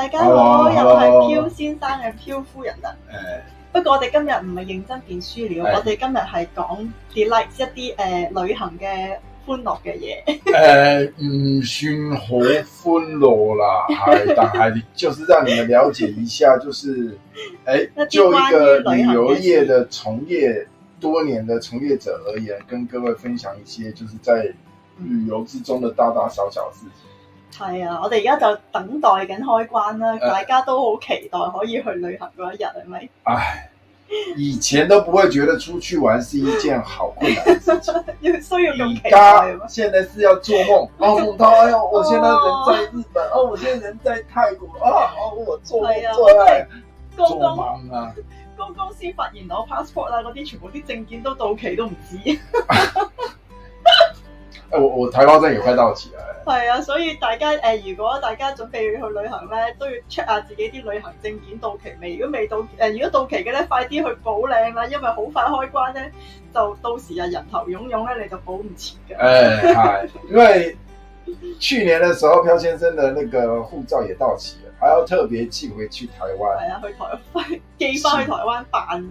大家好，oh, hello. 又係漂先生嘅漂夫人啊。誒、欸，不過我哋今日唔係認真變書料，欸、我哋今日係講 delight 一啲誒、呃、旅行嘅歡樂嘅嘢。誒、欸，唔算好歡樂啦，係， 但係就是讓你們了解一下，就是誒、欸，就一個旅遊業嘅從業多年的從業者而言，跟各位分享一些，就是在旅遊之中的大大小小事情。係啊，我哋而家就等待緊開關啦，呃、大家都好期待可以去旅行嗰一日，係咪？唉、哎，以前都不會覺得出去玩是一件好困難嘅事情，所以而家現在是要做夢，夢到、 哦、哎我現在人在日本，哦，我現在人在泰國，啊，我做做做夢啊，剛來公司公、啊、發現我 passport 啦，嗰啲全部啲證件都到期都，都唔知。我我台胞證也快到期啊！係啊，所以大家誒、呃，如果大家準備去旅行咧，都要 check 下自己啲旅行證件到期未。如果未到誒、呃，如果到期嘅咧，快啲去補領啦，因為好快開關咧，就到時啊人頭湧湧咧，你就補唔切嘅。誒、啊，係、 啊，因為去年嘅時候，漂先生嘅那個護照也到期了，還要特別寄回去台灣。係啊，去台灣寄翻去台灣辦。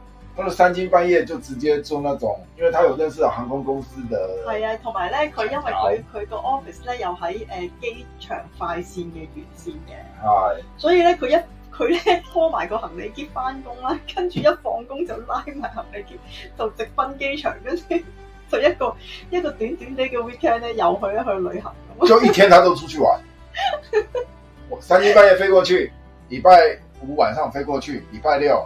佢哋三更半夜就直接做那種，因為他有認識的航空公司的。係啊，同埋呢，佢因為佢佢個 office 呢又喺誒機場快線嘅沿線嘅。係是。所以他他呢，佢一佢呢拖埋個行李篋翻工啦，跟住一放工就拉埋行李篋就直奔機場，跟住就一個一個短短哋嘅 weekend 呢，又去一去旅行。就一天，他都出去玩。 三更半夜飛過去，禮拜五晚上飛過去，禮拜六。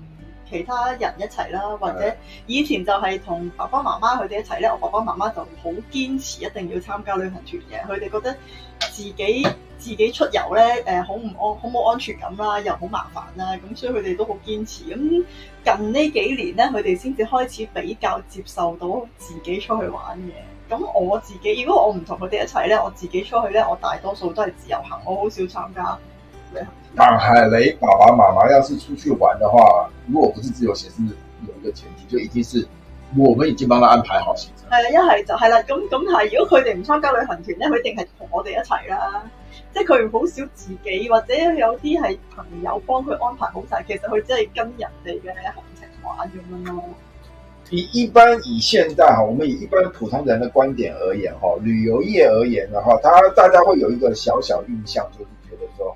其他人一齊啦，或者以前就係同爸爸媽媽佢哋一齊咧，我爸爸媽媽就好堅持一定要參加旅行團嘅，佢哋覺得自己自己出遊咧，誒好唔安，好冇安全感啦，又好麻煩啦，咁所以佢哋都好堅持。咁近呢幾年咧，佢哋先至開始比較接受到自己出去玩嘅。咁我自己，如果我唔同佢哋一齊咧，我自己出去咧，我大多數都係自由行，我好少參加。但係你爸爸媽媽要是出去玩的話，如果不是自由行，是有一個前提，就一定是我們已經幫佢安排好行程。係啊，一係就係啦。咁咁係，如果佢哋唔參加旅行團咧，佢一定係同我哋一齊啦。即係佢唔好少自己，或者有啲係朋友幫佢安排好晒，其實佢只係跟人哋嘅行程玩咁樣咯。以一般以現代我們以一般普通人的觀點而言，旅遊業而言嘅話，大家會有一個小小的印象，就是覺得說。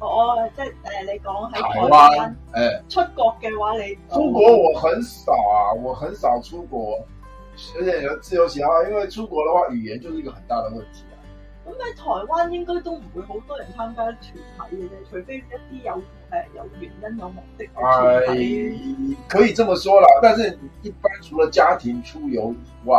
我、哦、即係誒、呃，你講喺台灣誒嗎說、哎，出國嘅話你？出國我很少啊，我很少出國，而且有自由行啊，因為出國嘅話語言就是一個很大的問題啊。咁喺台灣應該都唔會好多人參加團體嘅啫，除非一啲有誒有原因有目的，的。係、哎、可以這麼說了，但係一般除了家庭出遊以外。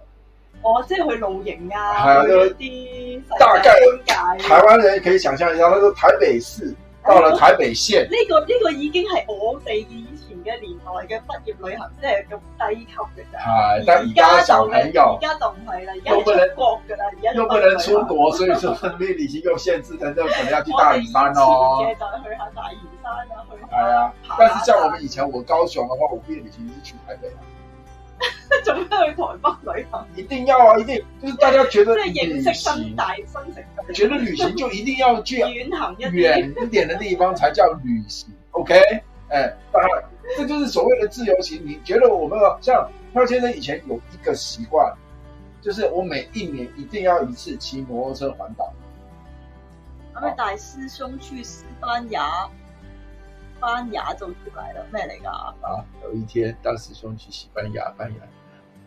我、哦、即係去露營啊，有啲、啊、大概。台灣人可以想象一下，佢說台北市到了台北縣。呢、哎這個呢、這個已經係我哋以前嘅年代嘅畢業旅行，即係咁低級嘅啫。係但而家小朋友，而家就唔係啦，而家都不能國噶啦，而家又不能出國，所以說畢業旅行又限制成， 就可能要去大嶼山咯、哦。我哋以前嘅就去下大嶼山啊，去下、啊。係啊、哎，但係像我哋以前，我高雄嘅話，我畢業旅行就去台北啊。 做咩去台北旅行？一定要啊，一定，就是大家覺得即係認識新大新城， 覺得旅行就一定要去遠行一點的地方才叫旅行 ，OK？當、哎、然，這就是所謂的自由行。 你覺得我們好、啊、像漂先生以前有一個習慣，就是我每一年一定要一次騎摩托車環島，帶好師兄去西班牙。西班牙出來了，咩嚟噶？啊，有一天大師兄去西班牙，西班牙、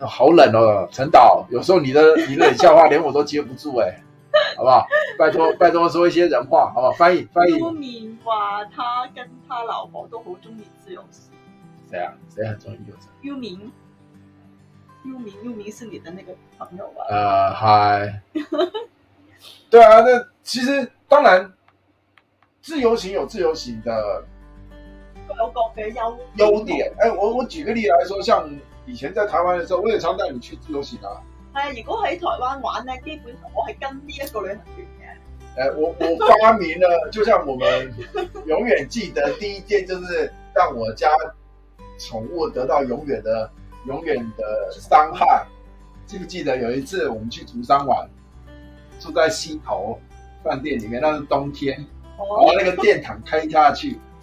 哦、好冷哦。陳導，有時候你的你冷笑話連我都接不住，哎 好不好？拜託拜託，說一些人話，好不好？翻譯翻譯。幽明話，他跟他老婆都好中意自由行。誰啊？誰中意自由行？幽明，幽明，幽明是你的那個朋友吧？啊，嗨。 對啊，那其實當然，自由行有自由行的。各有各嘅優優點，誒、欸，我我舉個例來說，像以前在台灣的時候，我也常帶你去自由行啊。係啊，如果喺台灣玩呢，基本上我係跟呢一個旅行團嘅。誒、欸，我我發明呢， 就像我們永遠記得第一件，就是讓我家寵物得到永遠的永遠的傷害。 記唔記得有一次我們去竹山玩，住在溪頭飯店裏面，那是冬天，我 那個電毯開下去。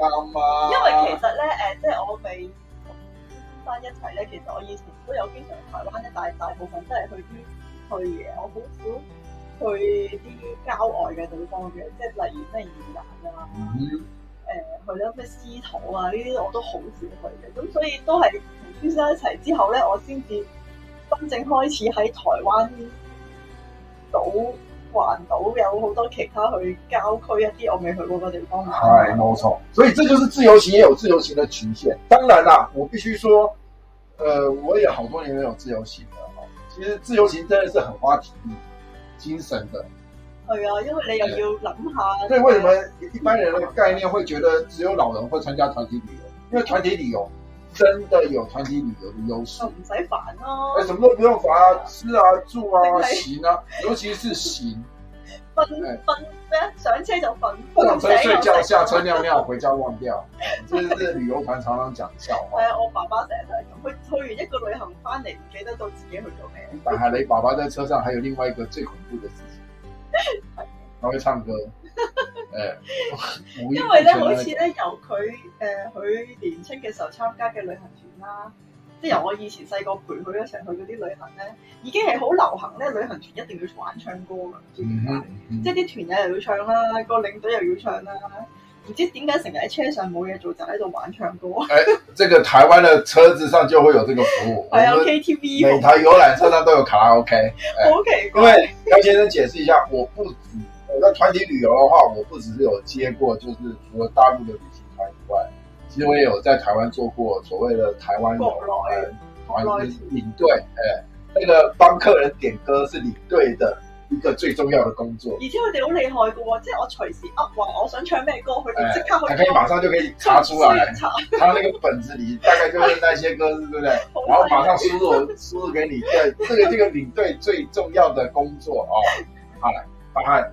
因為其實咧，誒，即係我未同先生一齊咧，其實我以前都有經常去台灣，但係大大部分都係去啲去嘅，我好少去啲郊外嘅地方嘅，即係例如咩宜蘭啊，誒、mm hmm. 呃，去咗咩司徒啊呢啲，我都好少去嘅，咁所以都係同先生一齊之後咧，我先至真正開始喺台灣島。環島有好多其他去郊區一啲我未去過嘅地方，係冇錯，所以這就是自由行也有自由行的局限。當然啦、啊，我必須說，呃我也好多年沒有自由行。其實自由行真的是很花體力、精神的。對啊、嗯，的因為你又要諗下。所以為什麼一般人嘅概念會覺得只有老人會參加團體旅遊？因為團體旅遊，真的有團體旅遊的優勢，唔使煩什麼都不用煩、啊，啊吃啊、住啊、是行啊，尤其是行，瞓瞓咩？上車就瞓，上車睡，睡覺，下車尿尿，回家忘掉，這 是旅遊團常常講笑話。哎，我爸爸成日都係咁，去去完一個旅行翻嚟唔記得到自己去做咩？但係你爸爸在車上還有另外一個最恐怖的事情， 他會唱歌。誒， 因為咧，好似咧，由佢，誒，佢、呃、年青嘅時候參加嘅旅行團啦、啊，即係由我以前細個陪佢一齊去嗰啲旅行咧，已經係好流行咧，旅行團一定要玩唱歌噶，即係啲團友又要唱啦、啊，那個領隊又要唱啦、啊，唔知點解成日喺車上冇嘢做，就喺度玩唱歌。誒、欸，這個台灣嘅車子上就會有呢個服務，係啊，K T V，每台遊覽車上都有卡拉 O K，好奇怪，因為漂先生解釋一下，我不止。 那做團體旅游的話，我不只是有接過，就是除了大陸的旅行團以外，其實我也有在台灣做過所謂的台灣誒，團領隊誒，那個幫客人點歌是領隊的一個最重要的工作。而且佢哋好厲害嘅即是我隨時哦，up 我想唱咩歌，佢哋即刻可以，可以馬上就可以查出來，查，佢那個本子裏大概就是那些歌，對不對？然後馬上輸入輸入給你，嘅，這個這個領隊最重要的工作哦。好來答案。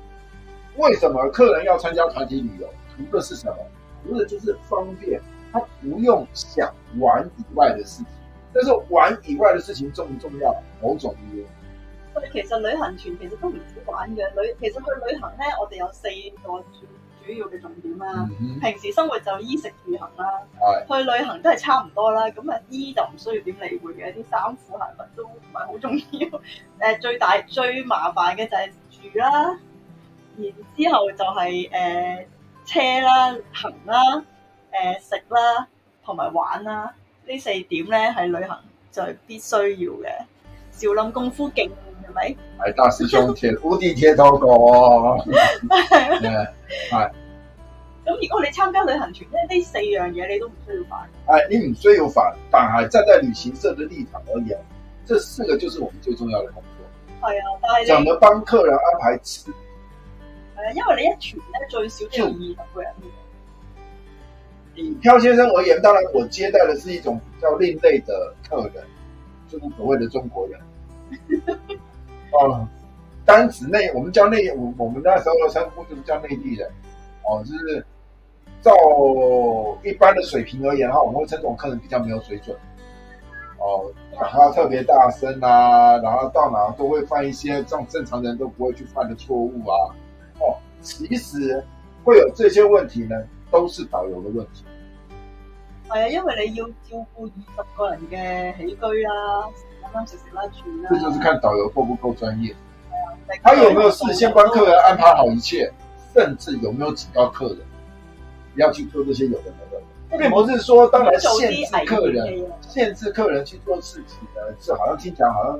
為什麼客人要參加團體旅遊？圖的是什麼？圖的就是方便，他不用想玩以外的事情。但是玩以外的事情重唔重要？某種意義。所以其實旅行團其實都唔少玩嘅旅。其實去旅行咧，我哋有四個主主要嘅重點啦、啊。嗯、哼平時生活就衣食住行啦、啊，哎、去旅行都係差唔多啦。咁啊，衣就唔需要點理會嘅，啲衫褲鞋襪都唔係好重要。誒，最大最麻煩嘅就係住啦、啊。然之後就係、是、誒、呃、車啦、行啦、誒、呃、食啦同埋玩啦，呢四點咧，係旅行就係必須要嘅。少林功夫勁係咪？係、哎，大師兄，全烏 地鐵通過。係。咁如果你參加旅行團咧，呢四樣嘢你都唔需要煩。係、哎，你唔需要煩，但係真係旅行社嘅立場而言，呢、嗯、四個就是我們最重要嘅工作。係 啊，講得幫客人安排食因為你一團咧最少就二十個人。以、嗯、漂先生而言，當然我接待的是一種比較另類的客人，就是所謂的中國人。啊、 呃，單指內，我們叫內，我我們那時候稱呼就是叫內地人。哦、呃，就是照一般的水平而言，哈，我們會稱這種客人比較沒有水準。哦、呃，然後特別大聲啊，然後到哪兒都會犯一些，這種正常人都不會去犯的錯誤啊。哦、其實會有這些問題呢，都是導遊的問題。係啊，因為你要照顧二十個人嘅起居啊，這就、啊、就是看導遊夠不夠專業，嗯、他有沒有事先幫客人安排好一切，嗯、甚至有沒有警告客人、嗯、要去做這些有的沒的，並、嗯、不是說，當然限制客人，啊、限制客人去做自己嘅事好像聽講，好像。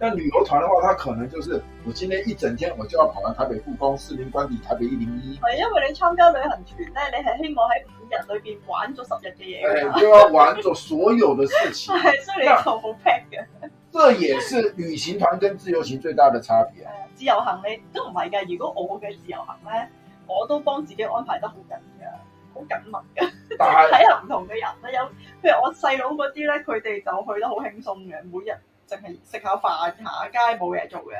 但旅遊團嘅話，他可能就是我今天一整天我就要跑完台北故宮、四零館、底台北一零一。係，因為你參加旅行團咧，你係希望喺五日裏邊玩咗十日嘅嘢。係、哎，就要玩咗所有嘅事情。係 所以你就好 pack 嘅。這也是旅行團跟自由行最大嘅差別。 自由行你都唔係嘅，如果我嘅自由行咧，我都幫自己安排得好緊嘅，好緊密嘅。但係睇下唔同嘅人咧，有譬如我細佬嗰啲咧，佢哋就去得好輕鬆嘅，每日。淨係食下飯，行下街，冇嘢做嘅。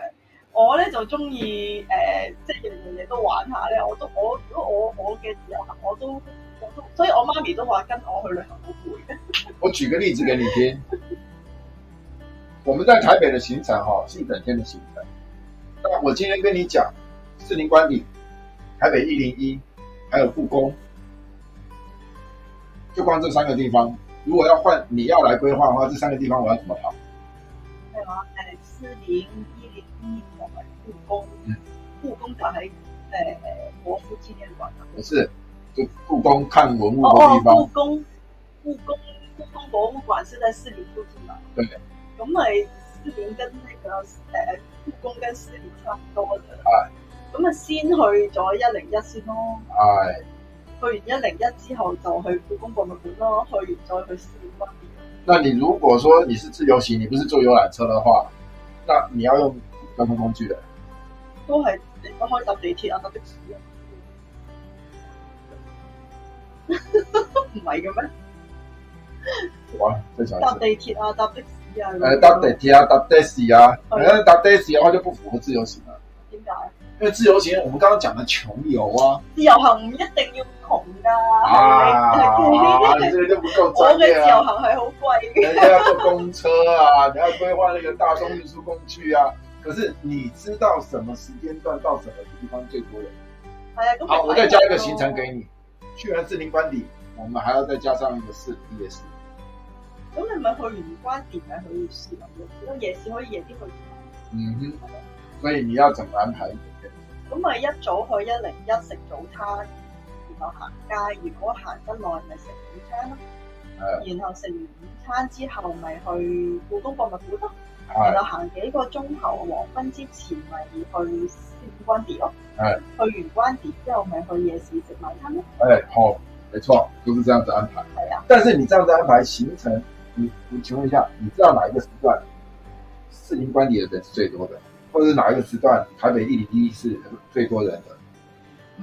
我咧就中意誒，即係樣樣嘢都玩下咧。我都我如果我我嘅自由行，我都我都，所以我媽咪都話跟我去旅行好攰嘅。我舉個例子俾你聽， 我們在台北的行程哈，是一整天的行程。但係我今天跟你講，士林官邸、台北一零一，還有故宮，就光這三個地方，如果要換你要來規劃嘅話，這三個地方我要怎麼跑？誒，四零一零一，我們故宮，故、呃、宮就喺誒誒，國父紀念館，係，故宮看文物嘅地方。故宮、哦，故宮，故宮博物館先喺四零附近啦。對，咁誒、那個，四零跟呢個誒故宮跟四零差唔多嘅。係對，咁啊先去咗一零一先咯。係對。去完一零一之後就去故宮博物館咯，去完再去四零那你如果說你是自由行，你不是坐遊覽車的話，那你要用交通工具的。都係唔可以搭地鐵啊，搭的士啊。哈哈、啊，唔係嘅咩？哇，正常。搭地鐵啊，搭的士啊。搭地鐵啊、搭、嗯、的士啊。你要搭的士嘅話，就不符合自由行啦、啊。點解？因為自由行，我們剛剛講的窮遊啊，自由行唔一定要窮噶。啊，你呢個都唔夠專業啊！做嘅、 啊、自由行係好貴嘅，人家要坐公車啊， 你要規劃那個大眾運輸工具啊。可是你知道什麼時間段到什麼地方最多人？啊、好，嗯、我再加一個行程給你，啊、去完士林官邸，我們還要再加上一個夜市。咁你咪去官邸，咪去夜市咯，因為夜市可以夜啲去。嗯哼，所以你要怎麼安排。咁咪一早去一零一食早餐，然後行街。如果行得耐，咪食午餐咯。的然後食完午餐之後，咪去故宮博物館咯。的然後行幾個鐘頭，黃昏之前咪去士林官邸咯。係的。去完官邸之後，咪去夜市食晚餐咯。誒的，好的、哦，沒錯，就是這樣子安排。係啊的。但是你這樣子安排行程，你你請問一下，你知道哪一個時段士林官邸的人是最多的？或是哪一個時段，台北地理第一是最多人的？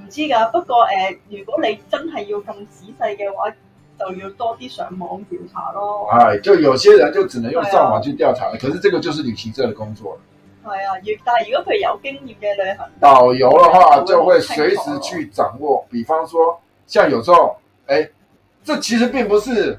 唔知㗎，不過誒、呃，如果你真係要咁仔細嘅話，就要多啲上網調查咯。唉、哎，就有些人就只能用上網去調查，是啊、可是這個就是旅行社嘅工作。係啊，要但係如果佢有經驗嘅旅行導遊嘅話，就會隨時去掌握。比方說，像有時候，誒、哎，這其實並不是。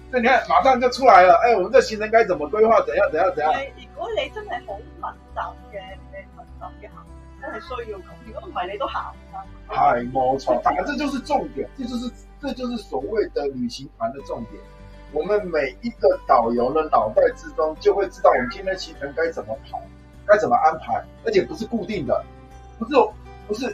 那你看，馬上就出來了。哎，我們這行程該怎麼規劃？怎樣？怎樣？怎樣？如果你真係好敏感嘅，敏感嘅，真係需要，如果唔係你都行。嗨，冇錯，反正就是重點，這就是這就是所謂的旅行團的重點。我們每一個導遊的腦袋之中，就會知道我們今天行程該怎麼跑，該怎麼安排，而且不是固定的，不是，不是。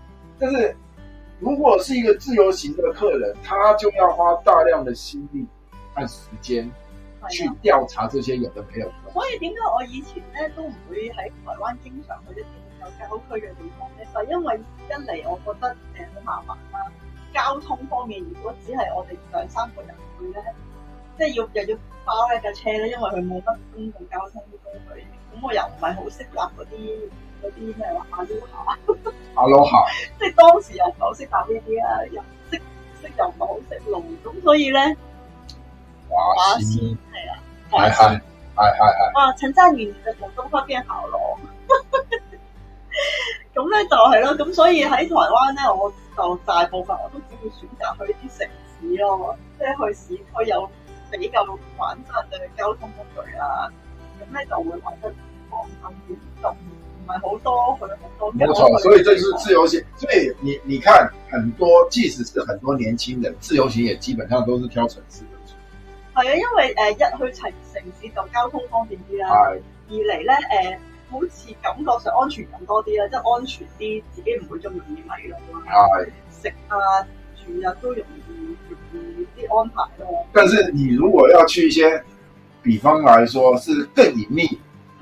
但是，如果是一個自由行的客人，他就要花大量的心力和時間去調查這些人的旅遊。所以點解我以前咧都唔會喺台灣經常去一啲有郊區嘅地方咧，就因為一嚟我覺得誒好麻煩啦，交通方面如果只係我哋兩三個人去咧，即係要又要包一架車咧，因為佢冇乜公共交通工具，咁我又唔係好適合嗰啲。嗰啲咩話？阿 Lucia，阿 Lucia，即係當時又唔好識打呢啲啊，又識識又唔好識路咁，所以咧華西係啊，哎哎哎哎哎哎！哇，陳湛女，你的廣東話變好咯，咁咧就係、是、咯，咁所以喺台灣咧，我就大部分我都只會選擇去啲城市咯，即係去市區有比較穩陣嘅交通工具啊，咁咧就會玩得比較安全啲唔係好多，佢好多。冇錯，所以這就是自由行。所以你你看，很多即使是很多年輕人自由行，也基本上都是挑城市度係啊，因為誒、呃、一去城城市就交通方便啲啦。係的。二嚟咧誒，好似感覺上安全感多啲啦，即、就、係、是、安全啲，自己唔會咁容易迷路啦。係的。食啊住啊都容易啲安排咯。但是你如果要去一些，比方來說是更隱秘。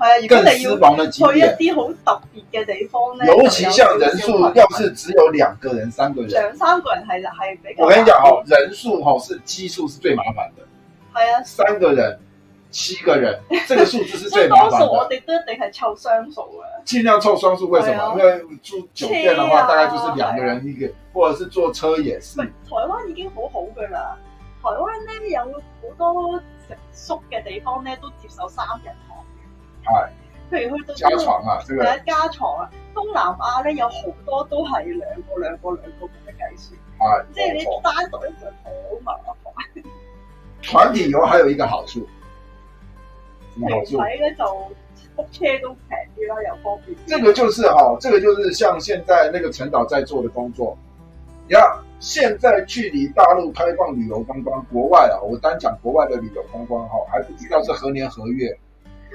係啊，更私房嘅幾去一啲好特別嘅地方咧。尤其像人數，要唔是只有兩個人、三個人，兩三個人係係比較。我跟你講哦，人數哦是奇數是最麻煩的。係啊，三個人、七個人，這個數字是最麻煩的。 我哋都一定係湊雙數啊。儘量湊雙數，為什麼？啊、因為住酒店嘅話，大概就是兩個人一個，啊、或者是坐車也是。台灣已經好好嘅啦，台灣咧有好多食宿嘅地方咧都接受三人。係，譬如去到有、這、一、個、床啊，加床，東南亞呢，有好多都是兩個兩個兩個咁樣計數，係，即係你單獨一個好麻煩。團體遊還有一個好處，咩好處咧？就車都便宜啦，又方便。這個就是哈、哦，這個就是像現在那個陳導在做的工作。呀，現在距離大陸開放旅遊觀光，光國外啊，我單講國外的旅遊觀光哈，還不知道是何年何月。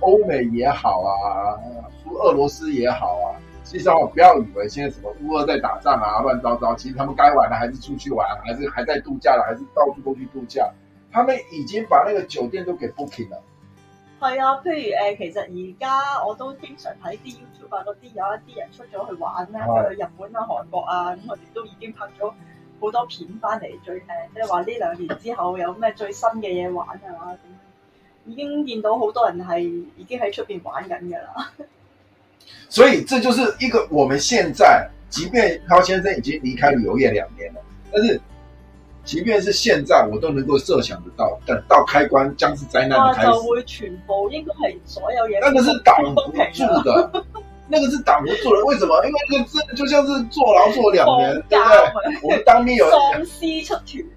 歐美也好啊，俄羅斯也好啊，其實我不要以為現在什麼烏俄在打仗啊，亂糟糟，其實他們該玩的還是出去玩，還是還在度假啦，還是到處都去度假，他們已經把那個酒店都給 booking 了。係啊，譬如誒、呃，其實而家我都經常睇啲 YouTube 啊，嗰啲有一啲人出咗去玩啊，去、嗯、日本啊、韓國啊，咁我哋都已經拍咗好多片翻嚟，最誒，即係話呢兩年之後有咩最新嘅嘢玩啊。已經見到好多人係已經喺出邊玩緊嘅啦，所以這就是一個我們現在，即便漂先生已經離開旅遊業兩年了，但是，即便是現在我都能夠設想得到，等到開關將是災難的開始。啊、會全部應該係所有人，那個是擋不住的，那個是擋不住的。為什麼？因為呢個真就像是坐牢坐兩年，假對唔對？會當咩有。 喪屍出團。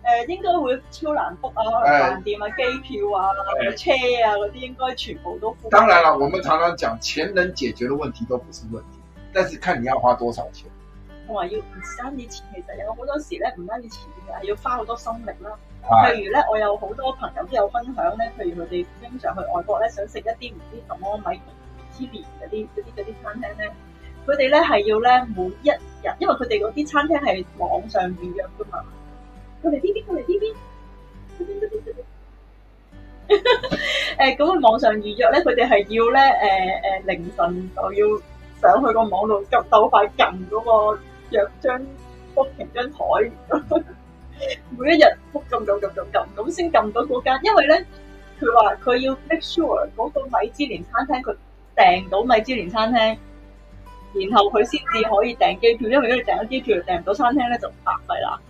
誒、呃、應該會超難 book 啊，可能飯店啊、機、呃、票啊、車啊嗰啲，嗯、那些應該全部都 book。當然啦，我們常常講錢能解決嘅問題都不是問題，但是看你要花多少錢。我話要唔單止錢，其實有好多時咧唔單止錢，係要花好多心力啦。啊、譬如咧，我有好多朋友都有分享咧，譬如佢哋經常去外國咧，想食一啲唔知什麼米芝蓮嗰啲嗰啲嗰啲餐廳咧，佢哋咧係要咧每一日，因為佢哋嗰啲餐廳係網上預約㗎嘛。佢哋邊邊？佢哋邊邊？誒咁，網上預約咧，佢哋係要咧誒誒凌晨就要上去個網度撳，鬥快撳嗰個約張撲平張枱。每一日撲撳撳撳撳撳，咁先撳到嗰間。因為咧，佢話佢要 make sure 嗰個米芝蓮餐廳，佢訂到米芝蓮餐廳，然後佢先至可以訂機票。因為如果訂咗機票又訂唔到餐廳咧，就白費啦。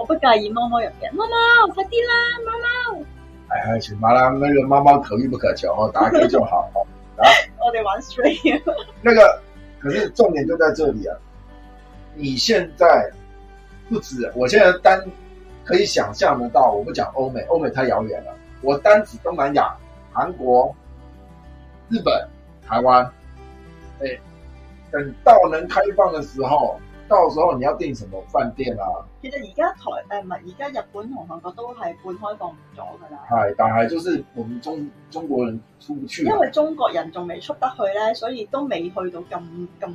我不介意貓貓入嘅，貓貓快啲啦，貓貓。唉、哎，全馬啦，嗰個貓貓可遇不可求，我打幾好頭。我得玩 stream。 那個，可是重點就在這裏啊！你現在不止，我現在單可以想象得到，我不講歐美，歐美太遙遠了。我單指東南亞、韓國、日本、台灣。誒、哎，等到能開放的時候。到時候你要訂什麼飯店啊？其實而家台，誒，唔係，而、呃、家日本同韓國都係半開放咗噶啦。係，但係就是我們中中國人出唔去，因為中國人仲未出得去咧，所以都未去到咁咁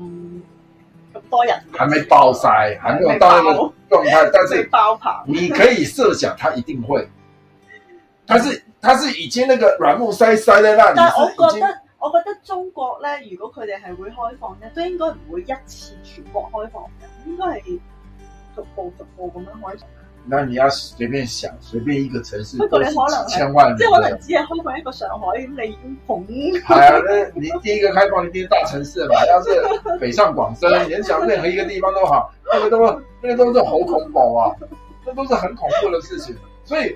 咁多人。係未爆晒，係未到那個狀態，爆但是爆你可以設想，他一定會， 他是他是已經那個軟木塞塞在那裏，但我覺得。我覺得中國咧，如果佢哋係會開放咧，都應該唔會一次全國開放嘅，應該係逐步逐步咁樣開放。那你要隨便想，隨便一個城市千萬，不過你可能即係可能只係開放一個上海咁，你已經恐。係啊，你你第一個開放一定是大城市嘛，要 是北上廣深，連想任何一個地方都好，那個都，那個都好恐怖啊， 那都是很恐怖的事情，所以。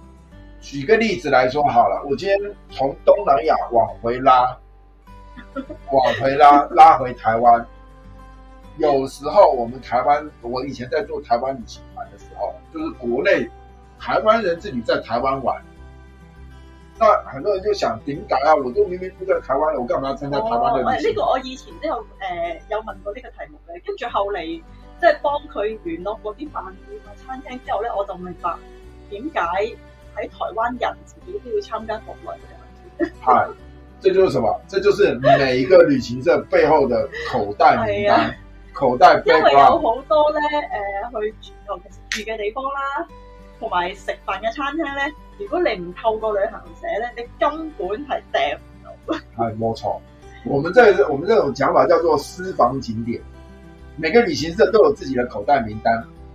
舉個例子來說，好了，我今天從東南亞往回拉，往回拉，拉回台灣。 有時候我們台灣，我以前在做台灣旅行團的時候，就是國內台灣人自己在台灣玩，那很多人就想點解啊？我都明明不在台灣，我幹嘛要參加台灣的？唔係呢個，我以前都有誒、呃、有問過呢個題目嘅，跟住後來即係幫佢聯絡嗰啲飯店、餐廳之後呢，我就明白點解。喺台灣人自己都要參加國內嘅，係、哎，這就是什麼？這就是每一個旅行社背後的口袋名單， 啊、口袋背包。因為有好多咧，誒、呃，去住嘅地方啦，同埋食飯嘅餐廳咧，如果你唔透過旅行社咧，你根本係訂唔到。係冇錯，我們這我們這種講法叫做私房景點，每個旅行社都有自己的口袋名單。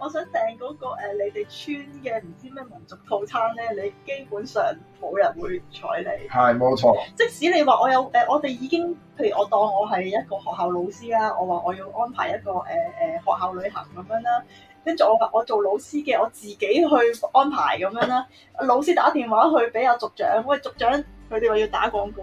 我想訂嗰個，呃，你哋村嘅唔知咩民族套餐咧，你基本上冇人會睬你。係，冇錯。即使你話我有、呃、我哋已經譬如我當我係一個學校老師啦，我話我要安排一個誒、呃、學校旅行咁樣啦，跟住我話我做老師嘅，我自己去安排咁樣啦。老師打電話去俾阿族長，喂，族長佢哋話要打廣告。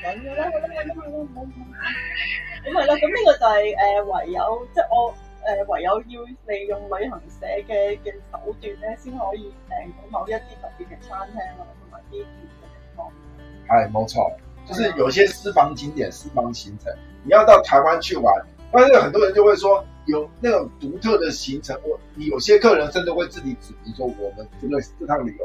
咁咁係啦，咁咁咁咁咁呢個就係、是、誒、呃，唯有即係我誒、呃，唯有要利用旅行社嘅嘅手段咧，先可以訂到某一啲特別嘅餐廳啊，同埋啲地方。係、哎，冇錯，就是有些私房景點、嗯、私房行程，你要到台灣去玩，但是很多人就會說有那種獨特的行程，我，你有些客人甚至會自己指，說我們這個這趟旅遊。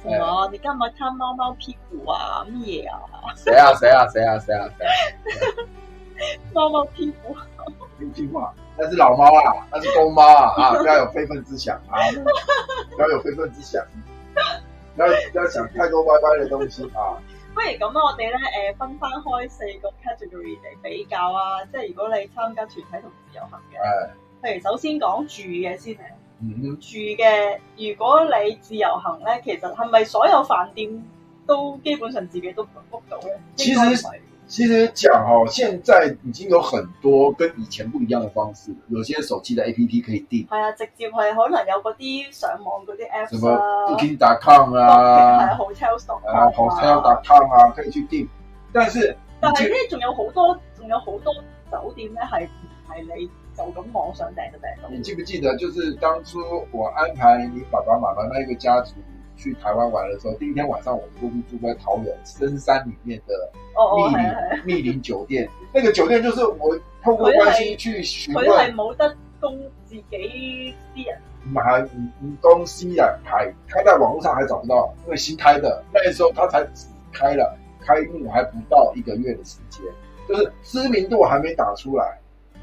哇！什麼欸、你今日貪貓貓屁股啊？乜嘢啊？死，死，死，死，死 貓貓啊？死啊？死啊？死啊？死貓貓屁股？聽話，那隻老貓啊，那隻公貓啊，啊，啊，不要有非分之想啊，不要 有非分之想，不要不要想太多歪歪嘅東西啊。不如咁，我哋咧誒，分翻開四個 category 嚟比較啊，即係如果你參加團體同自由行嘅，係、欸，譬如首先講住嘅先。嗯、住嘅，如果你自由行咧，其實係咪所有飯店都基本上自己都 book 到咧？其實其實講哦，現在已經有很多跟以前不一樣的方式，有些手機的 A P P 可以訂。係啊，直接係可能有嗰啲上網嗰啲 app、啊、什麼 Booking.com 啊，Hotel dot com 啊，啊，Hotel dot com 啊，啊，打啊，可以去訂。但是但係是咧，仲就有好多仲有好多酒店咧，係唔係你？就咁我想頂都頂到，你記不記得，就是當初我安排你爸爸媽媽那一個家族去台灣玩的時候，第一天晚上我們住住在桃園深山裏面的密林密、哦哦啊啊、林酒店。那個酒店就是我透過關係去詢問，他係冇得供自己啲人。唔係，你公司呀，還他在網絡上還找不到，因為新開的，那個、時候他才開了開幕，還不到一個月的時間，就是知名度還沒打出來。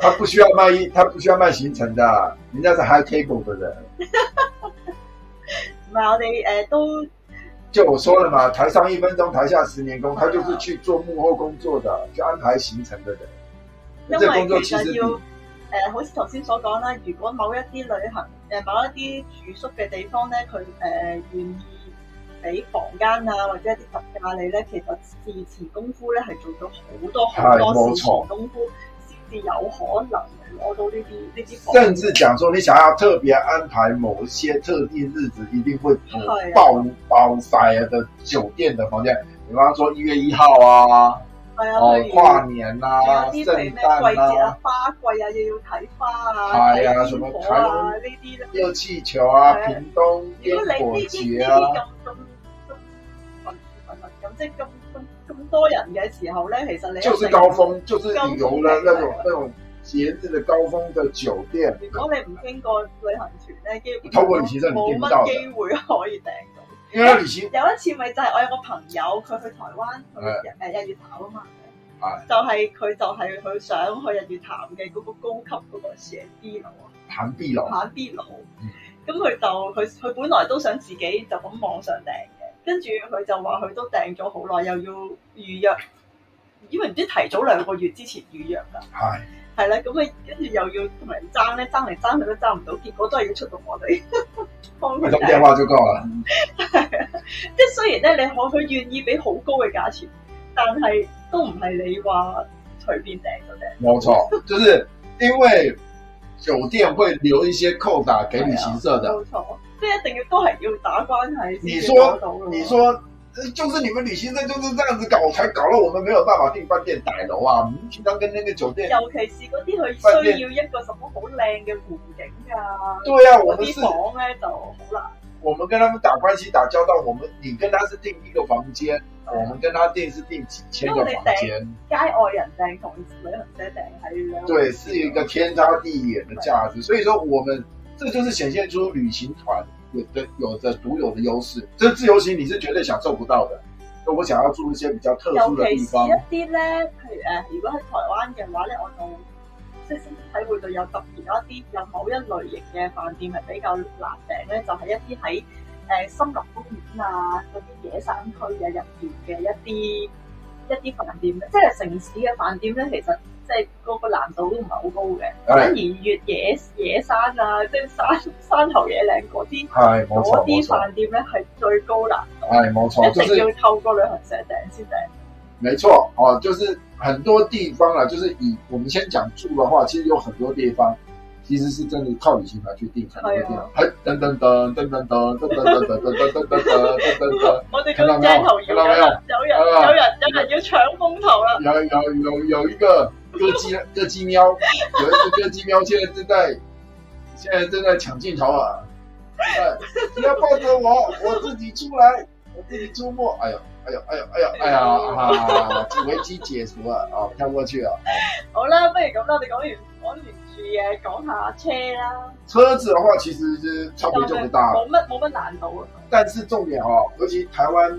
他不需要賣一，他不需要賣行程的，人家是 high table 的人。唔係？ 我哋誒、呃、都，就我說了嘛，台上一分鐘，台下十年功，他就是去做幕後工作的，就、嗯、安排行程的人。那因為 這個工作其實，其實要，誒、呃，好似頭先所講啦，如果某一啲旅行誒某一啲住宿嘅地方咧，佢誒願意俾房間啊，或者一啲特價你咧，其實事前功夫咧係做咗好多好多事前功夫。有可能攞到呢啲呢啲，甚至講說你想要特別安排某一些特定日子，一定會爆爆曬的酒店的房間，比方說一月一號啊，跨年啊，聖誕啊，花季啊，又要睇花啊，係啊，什麼，還有熱氣球啊，屏東煙火節啊。多人嘅時候咧，其實你有就算高峰，就是旅遊咧，高的那種的那種嚴重嘅高峰嘅酒店。如果你唔經過旅行團咧，基本冇乜機會可以訂到的有。有一次、就是，咪就係我有個朋友，佢去台灣，佢日誒日月潭啊嘛，是的就係、是、佢就係、是、佢想去日月潭嘅嗰個高級嗰，那個寫 B 啊，潭、那個那個那個、B 樓，潭 B 樓。咁佢、嗯、就佢佢本來都想自己就咁網上訂的。跟住佢就話佢都訂咗好耐，又要預約，因為唔知提早兩個月之前預約噶。係係啦，咁佢跟住又要同人爭咧，爭嚟爭去都爭唔到，結果都係要出到我哋，幫佢訂。咁電話就夠啦。即係、 嗯嗯、雖然咧，你可佢願意俾好高嘅價錢，但係都唔係你話隨便訂就訂。冇錯，就係、係、因為酒店會留一些扣打給旅行社嘅。冇錯。沒錯一定要都係要打關係。你說，你說，就是你們旅行社就是這樣子搞，才搞到我們沒有辦法訂飯店、大樓啊！我你經常跟那個酒店，尤其是嗰啲佢需要一個什麼好靚嘅湖景啊，嗰啲、啊、房咧就好難啦。我們跟他們打關係、打交道，我們你跟他是訂一個房間，對我們跟他訂是訂幾千個房間。街外人訂同旅行社訂，還是對，是一個天差地遠的價值。對所以說，我們。這就是顯現出旅行團有的有着獨有的優勢，這自由行你是絕對享受不到的。那我想要住一些比較特殊的地方。其一啲咧，譬如誒、啊，如果喺台灣嘅話咧，我就即先體會到有特別的一啲，有某一類型嘅飯店係比較難訂咧，就係、是、一啲喺誒森林公園啊，嗰啲野山區嘅入邊嘅一啲一啲飯店咧，即係城市嘅飯店咧，其實。即係嗰個難度都唔係好高嘅，反而越野野山啊，即係山山頭野嶺嗰啲，嗰啲飯店咧係最高難度。係冇錯，一定要透過旅行社訂先得。冇錯哦，就是很多地方啊，就是以我們先講住嘅話，其實有很多地方其實係真係靠旅行團去訂。係，等等等等等等等等等等等等等等，我哋個鏡頭要有人有人有人有人要搶風頭啦！有有有有一個。哥基哥基喵，有一隻哥基喵現在在，現在正在現在正在搶鏡頭啊！不、哎、要抱着我，我自己出來，我自己出沒。哎呦，哎呦，哎呦，哎呦，哎呀！哎哈、哎哎啊，危機解除了啊，跳 過去了。好啦，不如咁啦，我哋講完講完住嘢，講下車啦。車子嘅話，其實就是差別唔大，冇乜冇乜難度。但是重點哦，尤其台灣。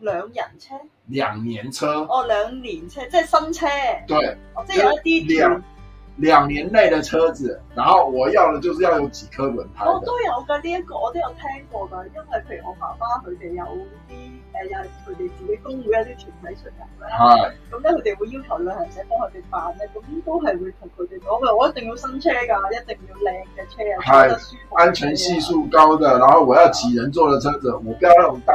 兩人車，兩年車哦，兩年車即係新車，對，即係有一啲兩兩年內的車子，然後我要嘅，就是要有幾顆輪胎。我、哦、都有噶呢一個，我都有聽過噶，因為譬如我爸爸佢哋有啲誒，又佢哋自己工會有啲團體出員啦，咁咧佢哋會要求旅行社幫佢哋辦咧，咁都係會同佢哋講嘅，我一定要新車噶，一定要靚嘅車啊，係是安全係數高的，然後我要幾人座嘅車子，我不要那種大。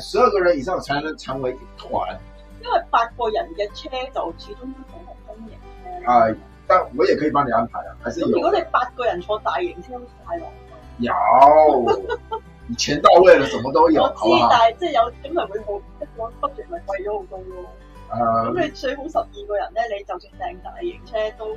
十二個人以上才能成為一團，因為八個人嘅車就始終都供唔供應咧。但我也可以幫你安排啊，如果你八個人坐大型車好似太龍，會會有錢 到位了，什麼都有。 我知道，吧但係即係有咁咪會好一個級別咪貴咗好多咯。咁、哦呃、你最好十二個人咧，你就算訂大型車都。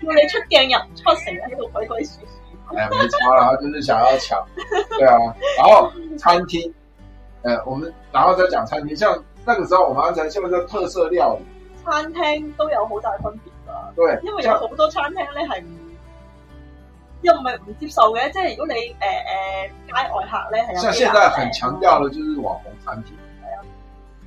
叫你出鏡入出城喺度鬼鬼祟祟。 哎沒冇錯啦，就是想要搶。對啊，然後餐廳，誒、呃，我們然後再講餐廳，像那個時候我們講，是不是叫特色料理？餐廳都有好大分別㗎，對，因為有好多餐廳咧係，又唔係唔接受嘅，即、就、係、是、如果你誒誒、呃呃、街外客咧係。像現在很強調嘅，就是網紅餐廳。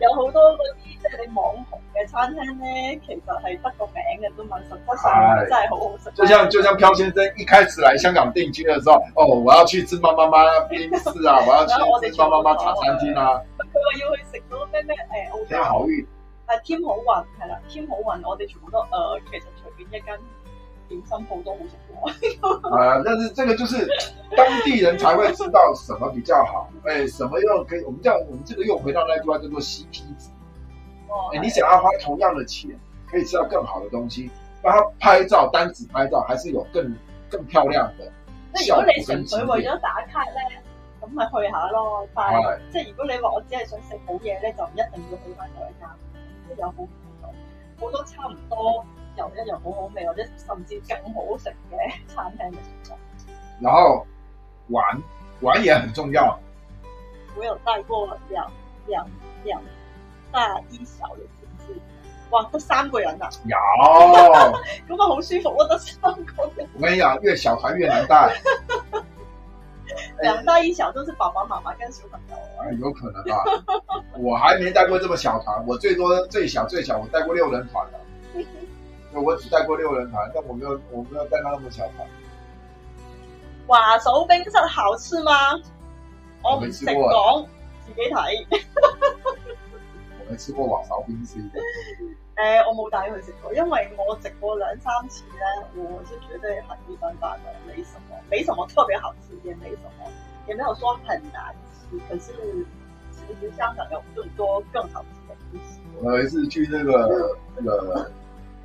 有好多嗰啲即係你網紅嘅餐廳咧，其實係得個名嘅，都唔食得上，真係好好食。就像就像漂先生一開始嚟香港定居嘅時候，哦，我要去吃媽咪媽咪冰室啊，我要去吃媽咪媽咪茶餐廳啊。佢話、 嗯、要去食嗰咩咩誒？添好、欸、好運。係添、啊、好運，係啦，添好運，我哋全部都誒、呃，其實隨便一間。人身途中好多好食嘢， 啊！但是這個就是當地人才會知道什麼比較好，誒、欸，什麼又可以？我們叫我們這個又回到那句話叫做 CP、欸、值。哦，欸、的你想要花同樣的錢可以吃到更好的東西，但係拍照單指拍照還是有更更漂亮的效果。即如果你純粹為咗打卡咧，咁咪去下咯。哦、但係即係如果你話我只係想食好嘢咧，就唔一定要去埋嗰一家，即係有好有唔好，好多差唔多。有一樣好好味，或者甚至更好食嘅餐廳嘅存在，然後玩玩也很重要。我有帶過兩兩兩大一小嘅團子，哇！都三個人啊。有，咁啊好舒服，我都三個人。我跟你講，越小團越難帶。兩 大一小都是爸爸媽媽跟小朋友，啊哎。有可能啊， 我還沒帶過這麼小團，我最多最小最小我帶過六人團我只帶過六人團，但我沒有，我沒有帶他那麼小團。華嫂冰室好吃嗎？我沒吃過。我沒吃過自己睇。你 吃過華嫂冰室？誒、呃，我冇帶佢去食過，因為我食過兩三次咧，我是覺得很一般般，的沒什麼，沒什麼特別好吃，也沒什麼，也沒有說很難吃。可是，其實香港有更多更好吃的美食。我還、呃、是去那個那、 這個。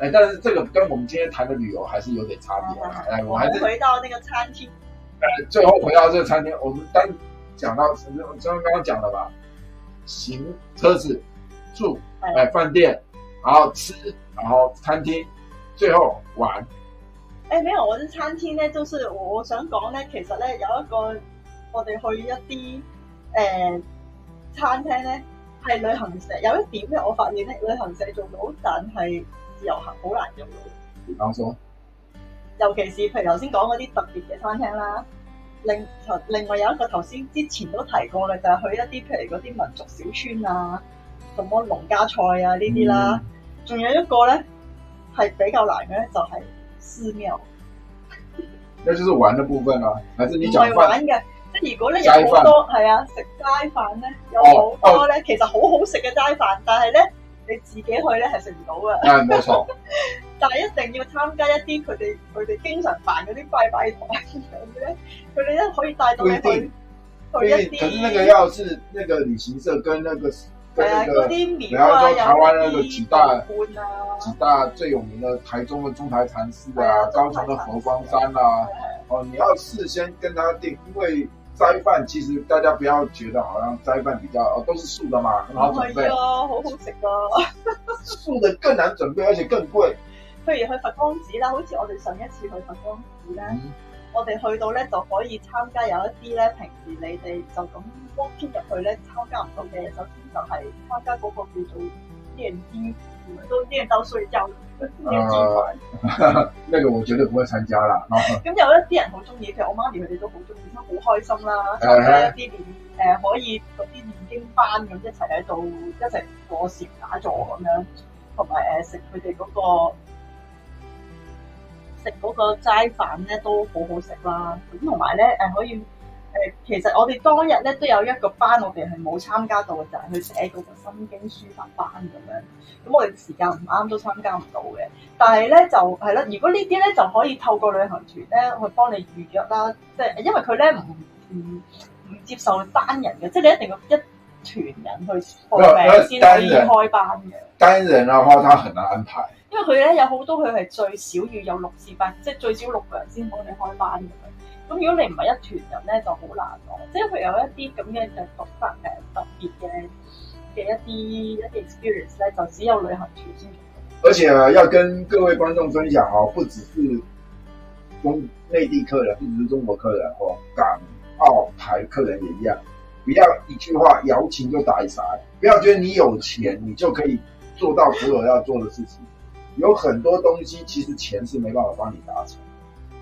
誒，但是這個跟我們今天談的旅遊還是有點差別啦、啊。誒、啊哎，我還是我回到那個餐廳。誒、哎，最後回到這個餐廳，我們剛講到，我剛，剛剛講了吧，行車子住誒、哎、飯店，然後吃，然後餐廳，最後玩。誒、哎，冇啊，我的餐廳呢，都、就是我想講呢其實呢有一個我哋去一啲誒、呃、餐廳呢，係旅行社有一點呢，我發現呢旅行社做到，但係。自由行好難用到你講先，鬆尤其是譬如頭先講嗰啲特別嘅餐廳啦，另另外有一個頭先之前都提過嘅，就係、是、去一啲譬如嗰啲民族小村啊，什麼農家菜啊呢啲啦，仲、嗯、有一個咧係比較難嘅就係寺廟。呢就是，是玩嘅部分啦、啊，還是你講？唔係玩嘅，即係如果你飯有好多係啊食齋飯咧，有好多咧，哦、其實好好食嘅齋飯，但係咧。你自己去咧係食唔到㗎，係冇錯。錯 但係一定要參加一啲佢哋佢哋經常辦嗰啲拜拜堂嗰啲咧，佢哋都可以帶到你去一啲。不一定，可是那個要是那個旅行社跟那個，那個、啊啲廟啊，有幾大？啊、幾大最有名嘅台中嘅中台禪寺啊，對高雄嘅佛光山啊。哦對，你要事先跟他定，對因為。齋飯其實大家不要覺得好像齋飯比較哦，都是素的嘛，好準備。唔係啊，好好食啊！ 素的更難準備，而且更貴。譬如去佛光寺啦，好似我哋上一次去佛光寺咧，嗯、我哋去到咧就可以參加有一啲咧，平時你哋就咁光偏入去咧參加唔到嘅。首先就係參加嗰個叫做啲人知，咁多啲人斗衰又。要捐款，呢個我絕對唔會參加啦。咁有一啲人好中意，其實我媽咪佢哋都好中意，都好開心啦。參加一啲練，誒，可以嗰啲念經班咁一齊喺度，一齊過少打坐咁樣，同埋誒食佢哋嗰個食嗰個齋飯咧都好好食啦。咁同埋咧誒可以。誒，其實我哋當日咧都有一個班，我哋係冇參加到嘅，就係、是、去寫嗰個心經書法班咁樣。咁我哋時間唔啱都參加唔到嘅。但係咧就係啦，如果呢啲咧就可以透過旅行團咧去幫你預約啦。即、就、係、是、因為佢咧唔唔唔接受單人嘅，即、就、係、是、你一定要一團人去報名先可以開班嘅。單人嘅話，他很難安排。因為佢咧有好多佢係最少要有六次班，即、就、係、是、最少六個人先幫你開班咁樣。咁如果你唔係一團人咧，就好難咯。即係佢有一啲咁嘅就獨特，誒特別嘅嘅一啲一啲 experience 咧，就只有旅行團先做到。而且要跟各位觀眾分享嚇，不只是中內地客人，不只是中國客人，哦，港、澳、台客人也一樣。不要一句話，搖錢就打一殺。不要覺得你有錢，你就可以做到所有要做的事情。有很多東西，其實錢是沒辦法幫你達成。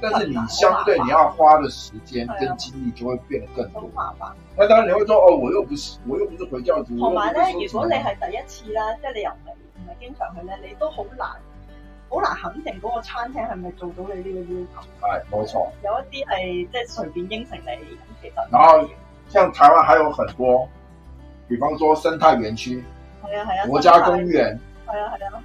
但是你相對你要花的時間跟精力就會變得更多，麻煩。那當然你會說，哦，我又不是，我又不是回教族，同埋咧。如果你係第一次啦，即係你又唔係唔係經常去咧，你都好難，好難肯定嗰個餐廳係咪做到你呢個要求。係，冇錯。有一啲係即係隨便應承你，其實。然後，像台灣還有很多，比方說生態園區，係啊係啊，國家公園，係啊係啊，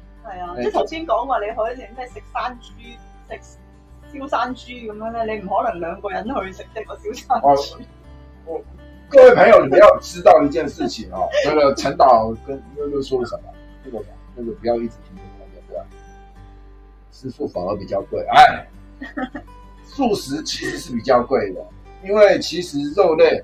係啊，即係頭先講話你可以食咩，食山豬、食燒山豬咁樣咧，你唔可能兩個人去食一個燒山豬，哦。各位朋友，你要知道一件事情啊，哦。 那個陳導跟六六說了什麼？這個？那個不要一直聽陳導講。師傅反而比較貴，哎，素食其實是比較貴的，因為其實肉類。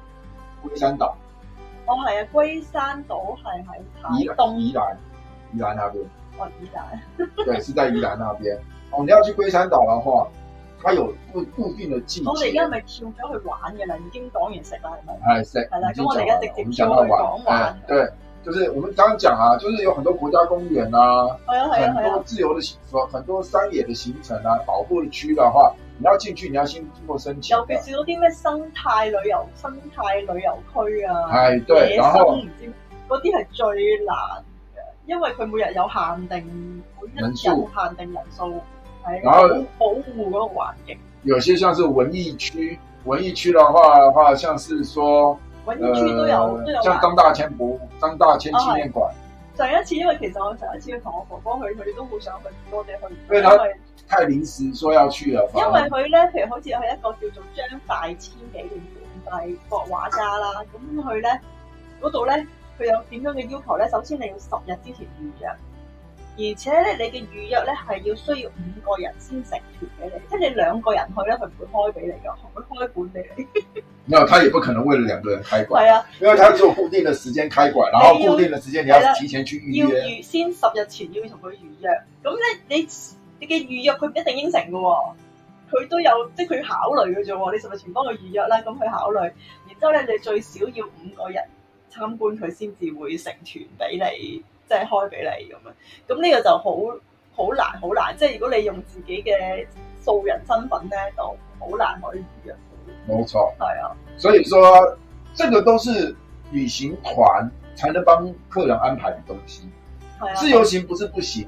龜山島，哦係啊，龜山島係喺台東宜蘭，宜蘭那邊。哦，宜蘭，對，是在宜蘭那邊。哦，你要去龜山島嘅話，它有固固定的季節。我哋而家咪跳咗去玩嘅啦，已經講完食啦，係咪？係食，係啦。咁我哋而家直接就講玩。對，就是我哋剛剛講啊，就是有很多國家公園啊，有很多自由的行，很多山野的行程啊，保護區嘅話。你要進去，你要先經過申請。尤其是嗰啲咩生態旅遊、生態旅遊區啊，哎、對野生唔後知嗰啲係最難嘅，因為佢每日有限定，每一日限定人數，係數保然後保護嗰個環境。有些像是文藝區，文藝區嘅話，話像是說，文藝區都有，都有、呃。像張大千博物、張大千紀念館。哦、上一次因為其實我上一次同我，我哥哥去，佢哋都好想去，我哋去。太臨時說要去了，因為佢咧，譬如好似係一個叫做張大千紀念館嘅國畫家啦，咁佢咧嗰度咧，佢有點樣嘅要求咧。首先你要十日之前預約，而且咧你嘅預約咧係要需要五個人先成團俾你，即係你兩個人去咧，佢唔會開俾你噶，唔會開館俾你。 沒有，他也不可能為了兩個人開館，係啊，因為佢做固定嘅時間開館，要然後固定嘅時間你要提前去預約，啊、要預先十日前要同佢預約，咁咧你。你嘅預約佢唔一定應承㗎喎，佢都有即係佢考慮㗎啫喎。你係咪全幫佢預約啦，咁去考慮，然之後咧你最少要五個人參觀佢先至會成團俾你，即係開俾你咁樣。咁呢個就好好難，好難。即係如果你用自己嘅素人身份咧，就好難可以預約到。冇錯，係啊。所以說，這個都是旅行團才能幫客人安排嘅東西。係啊，自由行不是不行。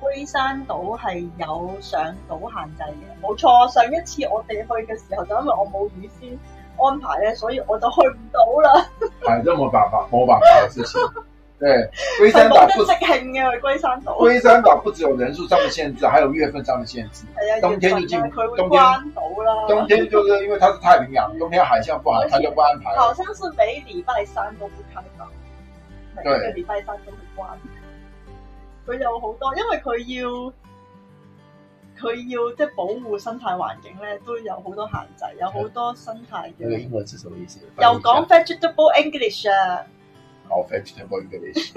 龜山島係有上島限制嘅，冇錯。上一次我哋去嘅時候，就因為我冇預先安排咧，所以我就去唔到啦。係冇辦法，冇辦法嘅事情。 對，龜山島係即興嘅，龜山島。龜山島不只有人數上嘅限制， 還有月份上嘅限制。冬天就進唔到，佢會關島啦，冬天就因為它是太平洋，冬天海象不好，它且就不安排。好像是每禮拜三都不開放，每個禮拜三都會關。佢有好多，因為佢要佢要即係保護生態環境咧，都有好多限制，有好多生態嘅。你英文是什麼意思？又講 vegetable English 啊？哦，vegetable English，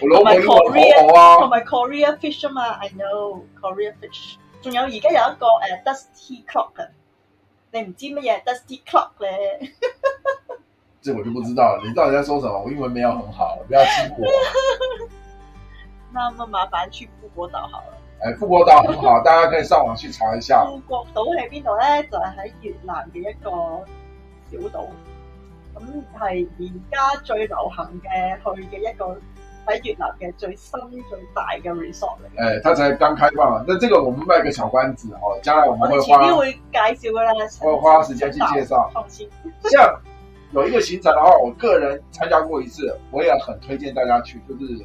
同埋 Korean，同埋 Korean fish 啊嘛，I know Korean fish。仲有而家有一個誒，dusty clock，你唔知乜嘢 dusty clock 咧？這我就不知道了，你到底在說什麼？我英文沒有很好，不要欺負我。嗱，咁麻煩去富國島好了。誒、哎，富國島好， 大家可以上網去查一下。富國島喺邊度咧？就係、是、喺越南嘅一個小島。咁係而家最流行嘅去嘅一個喺越南嘅最新最大嘅 resort 嚟。誒、哎，佢才剛開放啊！那這個我們賣個小關子哦，將來我們會花，會介紹嘅啦。我會花時間去介紹。放心抱歉。 像有一個行程的話，我個人參加過一次，我也很推薦大家去，就是。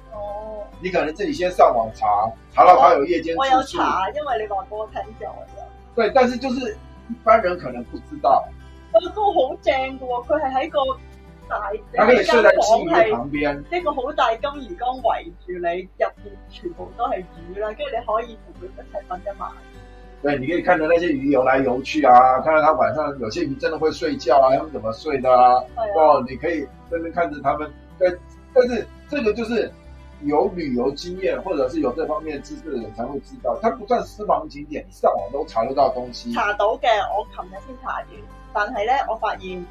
哦，oh, 你可能自己先上網查，查到他有夜間住宿。我要查，因為你話多我，我聽一我對，但是就是一般人可能不知道。哦，都好正噶、哦，佢係喺個大一間旁係一個好大金魚缸圍住你，入面全部都係魚啦，跟住你可以同佢一齊瞓一晚。對，你可以看着那些魚游來游去啊，看看他晚上有些魚真的會睡覺啊，他們怎麼睡的啊？哦、啊，你可以真真看着他們。對，但是這個就是。有旅遊經驗或者是有這方面知識的人才會知道，但不算私房景點，上網都查得到東西。查到嘅，我琴日先查完。但係咧，我發現一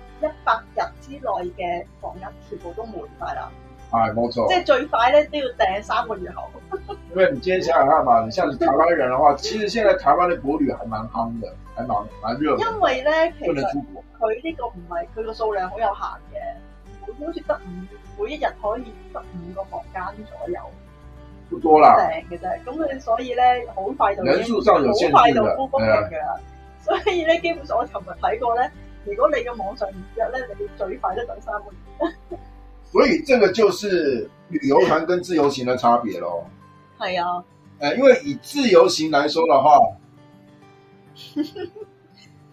百日之內嘅房間全部都滿晒啦。係、哎，冇錯。即係最快咧都要訂三個月後。因為你今天想想看嘛， 你像是台灣人嘅話，其實現在台灣嘅國旅還蠻夯嘅，還蠻蠻熱門的。因為咧，其實佢呢個唔係佢個數量好有限嘅。好似得五，每一日可以得五個房間左右。好多啦，訂嘅啫。咁你，所以咧，好快就已經，人數上有限，好快就 book booking 㗎啦。嗯、所以咧，基本上我琴日睇過咧，如果你嘅網上預約咧，你要最快都等三個月。 所以，這個就是旅遊團跟自由行嘅差別咯。係啊。誒，因為以自由行來說嘅話。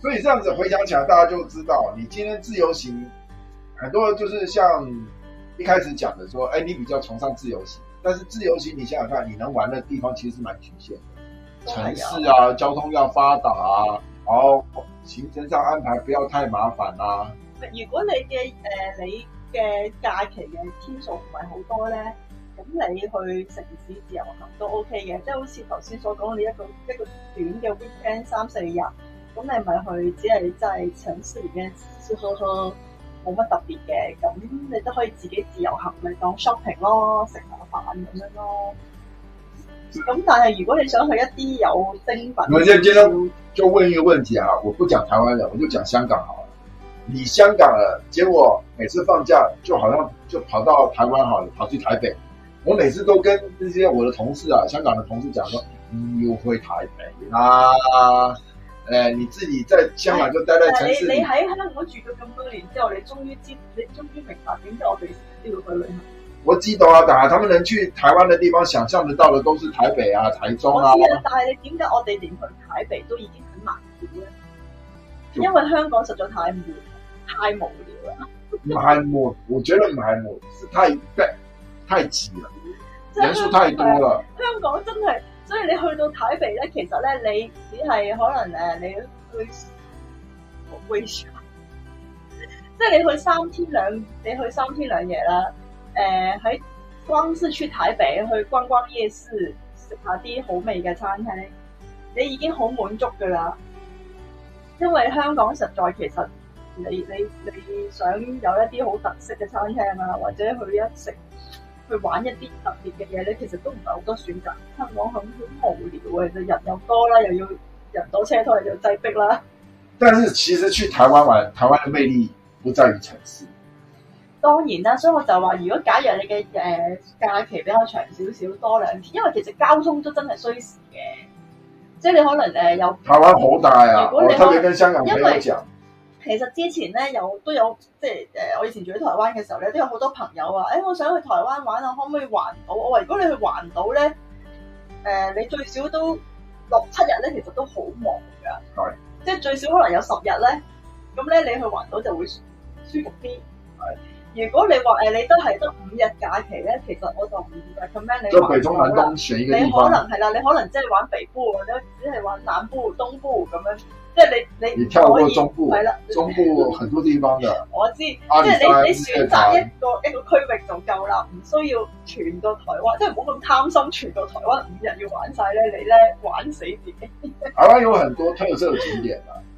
所以這樣子回想起來，大家就知道你今天自由行，很多就是像一開始講的，說，誒，你比較崇尚自由行，但是自由行，你想想看，你能玩的地方其實是蠻局限的，哦、城市啊，交通要發達啊，然後、哦、行程上安排不要太麻煩啦、啊。如果你嘅誒、呃、你嘅假期嘅天數唔係好多咧，咁你去城市自由行都 OK 嘅，即係好似頭先所講，你一個一個短嘅 weekend 三四日。咁你咪去，只係即係城市裏面，呵呵，冇乜特別嘅。咁你都可以自己自由行，咪當 shopping 咯，食下飯咁樣咯。咁但係如果你想去一啲有精品，我就就就問一個問題啊！我不講台灣人，我就講香港好了，你香港人，結果每次放假就好像就跑到台灣，好了，跑去台北。我每次都跟這些我的同事啊，香港的同事講說，你又去台北啦、啊。.誒、欸，你自己在香港就待在城市你。你喺香港我住咗咁多年之後，你終於知，你終於明白點解我哋都要去旅行。我知道啊，但係他們能去台灣的地方，想象得到嘅，都是台北啊、台中啊。但係你點解我哋連去台北都已經很難咧？就因為香港實在太悶，太無聊啦。唔係悶，我覺得唔係悶，太逼，太擠啦。人數的太多了。香港真係。所以你去到台北咧，其實咧你只係可能誒，你去 w 即係你去三天兩，你去三天兩夜啦，誒、呃、喺光是去台北去逛逛夜市，食下啲好味嘅餐廳，你已經好滿足㗎啦。因為香港實在其實，你你你想有一啲好特色嘅餐廳啊，或者去一食。去玩一啲特別嘅嘢咧，其實都唔係好多選擇，香港好無聊呀，人又多啦，又要人多車多，又要擠逼啦。但是其實去台灣玩，台灣嘅魅力不在於城市。當然啦，所以我就話，如果假若你嘅誒、呃、假期比較長少少，多兩天，因為其實交通都真係需時嘅，即係你可能誒有。台灣好大啊！如果你因為其實之前咧有都有即係我以前住喺台灣嘅時候咧，都有好多朋友話：誒、哎、我想去台灣玩啊，我可唔可以環島？我話如果你去環島咧，誒、呃、你最少都六七日咧，其實都好忙㗎，即係最少可能有十日咧，咁咧你去環島就會舒服啲。如果你話誒、哎，你都係得五日假期咧，其實我就唔建議咁樣你玩啦。你可能係啦，你可能即係玩北部，或者只係玩南部、東部咁樣，即係你你可以係啦。中部，很多地方的我知道，岸即係你岸你選擇一個岸一個區域就夠啦，唔需要全到台灣，即係唔好咁貪心，全到台灣五日要玩晒咧，你咧玩死自己。台灣有很多特色的景點啦、啊。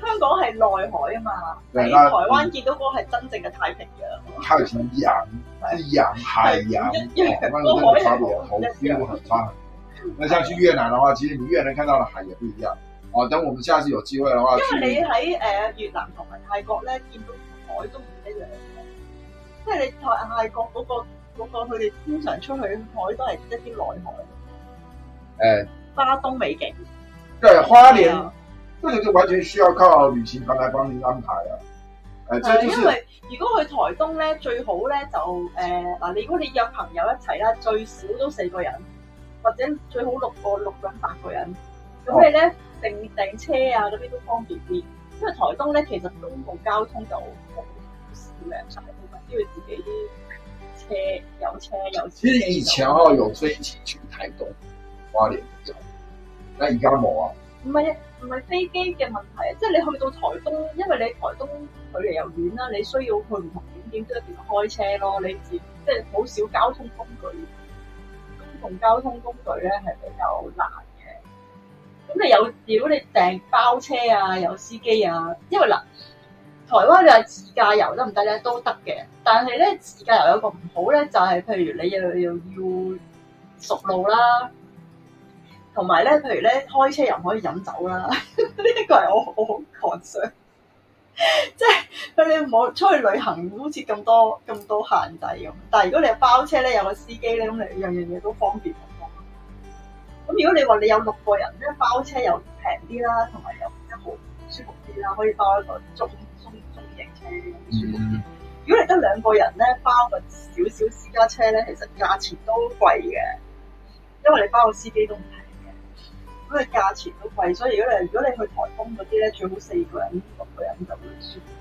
香港係內海啊嘛，你台灣見到嗰個係真正嘅太平洋。太平洋，啲人係人，個海差唔多，頭邊都差唔多。那像去越南嘅話，其實你越南看到嘅海也不一樣。哦，等我們下次有機會嘅話，因為你喺誒越南同埋泰國咧，見到海都唔一樣。即係你台泰國嗰個嗰個，佢哋通常出去嘅海都係一啲內海。誒，花東美景。對，花蓮。嗰啲就完全需要靠旅行團嚟幫你安排啊。誒、就是，即係因為如果去台東咧，最好咧就誒嗱、呃，如果你有朋友一齊啦，最少都四個人，或者最好六個、六個八個人，咁你咧訂訂車啊嗰啲都方便啲，因為台東咧其實公共交通就好少嘅，除要、啊、自己啲車有車，有，車，有，車有。以前我有飛機去台東花蓮嘅，但而家冇啊。唔係。係咪飛機嘅問題啊？即係你去到台東，因為你台東距離又遠啦，你需要去唔同景點都一定要開車咯。你自即係好少交通工具，公共交通工具咧係比較難嘅。咁你有屌，你訂包車啊，有司機啊，因為嗱，台灣你係自駕遊得唔得咧？都得嘅。但係咧，自駕遊有一個唔好咧，就係譬如你又又要熟路啦。同埋咧，譬如咧，開車又唔可以飲酒啦。呢一個係我我好狂想，即係佢哋唔好出去旅行好似咁多咁多限制咁。但係如果你係包車咧，有個司機咧，咁你樣樣嘢都方便好多。咁如果你話你有六個人咧，包車又平啲啦，同埋又一好舒服啲啦，可以包一個中中的中型車咁舒服啲。嗯、如果你得兩個人咧，包個少少私家車咧，其實價錢都貴嘅，因為你包個司機都唔平。咁啊，價錢都貴，所以如果你如果你去台東嗰啲咧，最好四個人六個人就會。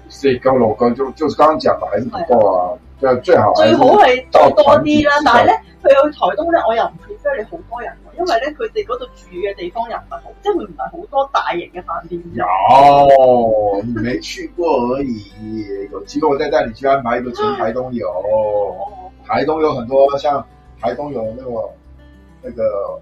四個六個就，就就幹淨埋啲地方啊，的最，最好最好係多啲啦，但係咧佢去台東咧，我又唔 prefer 你好多人，因為咧佢哋嗰度住嘅地方又唔係好，即係佢唔係好多大型嘅飯店。有，你未去過而已，有機會我再帶你去安排一次去台東有，哦、台東有很多，像台東有那個那個。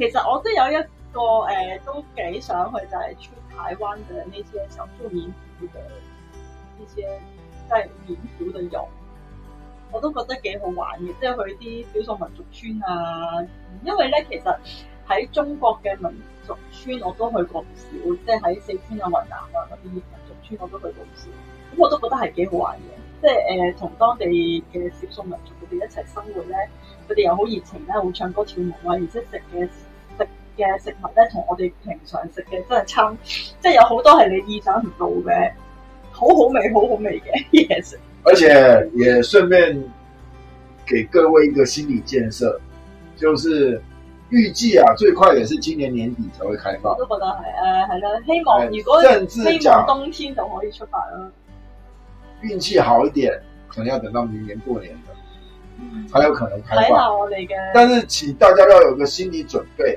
其實我都有一個誒、呃，都幾想去就係、是、出台灣嘅呢啲少數民族嘅呢啲即係民族旅遊，我都覺得幾好玩嘅。即係去啲少數民族村啊，因為咧其實喺中國嘅民族村我都去過唔少，即係喺四川啊、雲南啊嗰啲民族村我都去過唔少，咁我都覺得係幾好玩嘅。即係誒，同、呃、當地嘅少數民族佢哋一齊生活咧，佢哋又好熱情啦，好唱歌跳舞啊，而且食嘅～嘅食物咧，同我哋平常食嘅真係差，即係有好多係你意想唔到嘅，好好味好好味好好味嘅嘢食。Yes、而且也順便給各位一個心理建設，嗯、就是預計啊，最快也是今年年底才會開放。我都覺得係誒、係、呃、啦，希望如果希望冬天就可以出發啦。運氣好一點，可能要等到明年過年、嗯、才有可能開放。睇下我哋嘅，但是請大家要有個心理準備。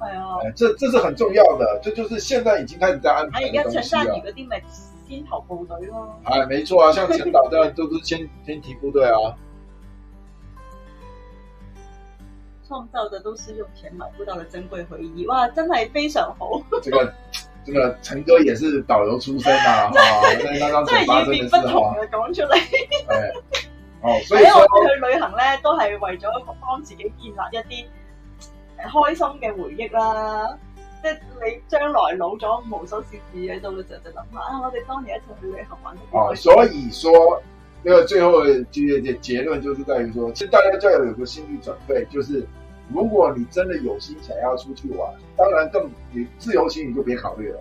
係啊，對哦、這這是很重要的，這就是現在已經開始在安排的了。哎，而家陳生瑜嗰啲咪先頭部隊咯、啊。哎，沒錯啊，像陳導這樣都是先 先提部隊啊。創造的都是用錢買不到的珍貴回憶，哇，真係非常好。 這個這個陳哥也是導遊出身啊， 啊，真係、 啊。真係與眾不同嘅講出嚟。哎、哦，所以，我哋去旅行咧，都係為咗幫自己建立一啲，開心嘅回憶啦、啊，即係你將來老咗，無所事事嘅，喺度就諗下啊，我哋當年一齊去旅行玩。哦、啊，所以說，呢、這個最後嘅結論，就是在於說，其實大家就要有個心理準備，就是如果你真的有心想要出去玩，當然更自由行你就別考慮了，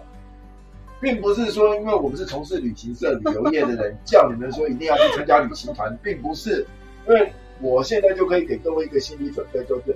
並不是說，因為我們是從事旅行社旅遊業的人， 叫你們說一定要去參加旅行團，並不是，因為我現在就可以給各位一個心理準備，就是。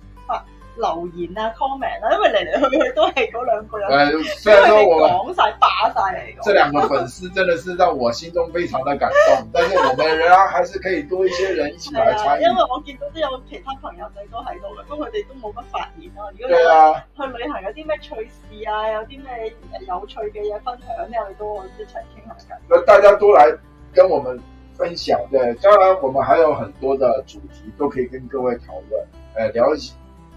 留言啊，comment 啊，因為嚟嚟去去都係嗰兩個人。誒，雖然說我講晒霸晒嚟。這兩個粉絲真的是讓我心中非常的感動， 但是我們仍然還是可以多一些人一起來參與、啊。因為我見到都有其他朋友仔都喺度嘅，不過佢哋都冇乜發言咯、啊。如果去旅行有啲咩趣事啊，有啲咩有趣嘅嘢分享呢、啊，我哋都一齊傾下偈。大家都來跟我們分享，對，當然我們還有很多的主題都可以跟各位討論，誒、呃，了解。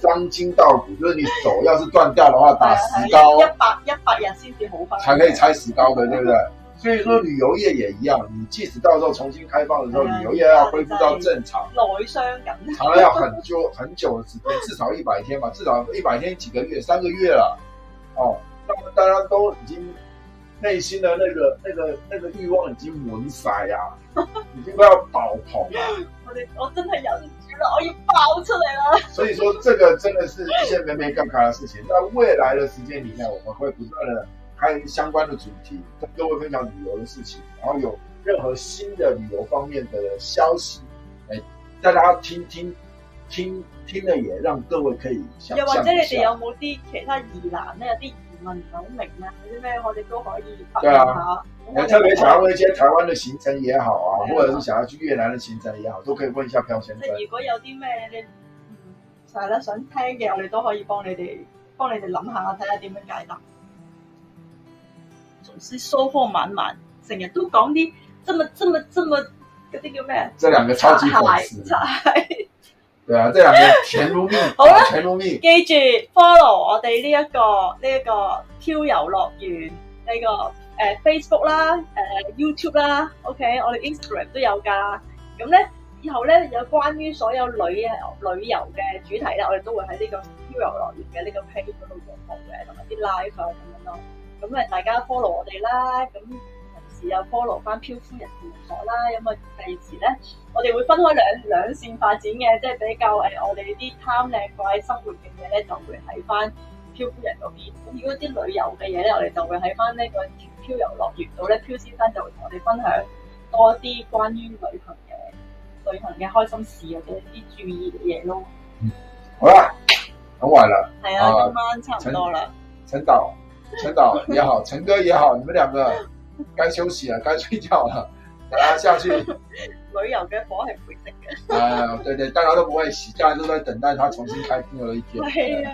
傷筋到骨，就是你手要是斷掉的話，打石膏，一百一百日先至好，才可以拆石膏的，對不對？嗯、所以說旅遊業也一樣，你即使到時候重新開放的時候，啊、旅遊業要恢復到正常，內傷咁，當然要很久很久的時間，至少一百天吧， 至少一百天幾個月，三個月了。哦，那麼大家都已經內心的那個、那個、那個慾望已經滿晒呀，已經快要爆棚。我得 我真係有。後又爆出來了！所以說，這個真的是一些沒沒干開的事情。在 未來的時間裏面，我們會不斷的開相關的主題，跟各位分享旅遊的事情，然後有任何新的旅遊方面的消息，哎，大家聽聽聽聽了也，也讓各位可以想。又或者，你哋有冇啲其他疑難呢？有、那、啲、個。問唔好明咧，啊，有啲咩我哋都可以幫下。啊嗯，我特別想要問一啲台灣嘅行程也好啊，啊或者是想要去越南嘅行程也好，都可以問一下漂先生。即係如果有啲咩你，就係啦，想聽嘅我哋都可以幫你哋，幫你哋諗下，睇下點樣解答。總是收穫滿滿，成日都講啲，即係咪，即係咪，即係嗰啲叫咩啊？這兩個超級粉絲。對 啊，即係好啦，請記住 follow 我哋呢一個呢一，這個漂遊樂圓呢、這個誒、呃、Facebook 啦，誒、呃、YouTube 啦，OK，我哋 Instagram 都有噶。咁咧以後咧有關於所有旅旅遊嘅主題咧，我哋都會喺呢個漂遊樂圓嘅呢個 page 嗰度發布嘅，同埋啲 live 啊咁樣咯。咁誒大家 follow 我哋啦，咁。又 follow 翻漂夫人團伙啦，咁啊第二時咧，我哋會分開兩兩線發展嘅，即係比較誒，我哋啲貪靚怪生活嘅嘢咧，就會喺翻漂夫人嗰邊。咁如果啲旅遊嘅嘢咧，我哋就會喺翻呢個漂遊樂圓度咧，漂先生就會同我哋分享多啲關於旅行嘅旅行嘅開心事或者啲注意嘅嘢咯。嗯，好啦，好壞啦，係啊，今晚差唔多啦，陳、呃、導、陳導也好，陳 哥也好，你們兩個。該休息了，該睡覺了，大家下去。 旅遊嘅火係唔會熄嘅。啊 ，uh, 對對，大家都唔會熄，大家都在等待他重新開關嘅一天。係 啊，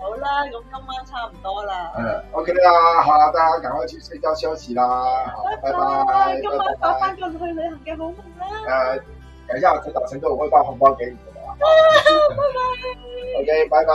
好啦，咁今晚差唔多啦。嗯，OK 啦，好，大家趕快去睡覺休息啦，好，哎、拜拜。今晚發翻個去旅行嘅好夢啦。啊，uh, 等一下我從早晨都會發紅包給你。拜拜。OK，拜拜。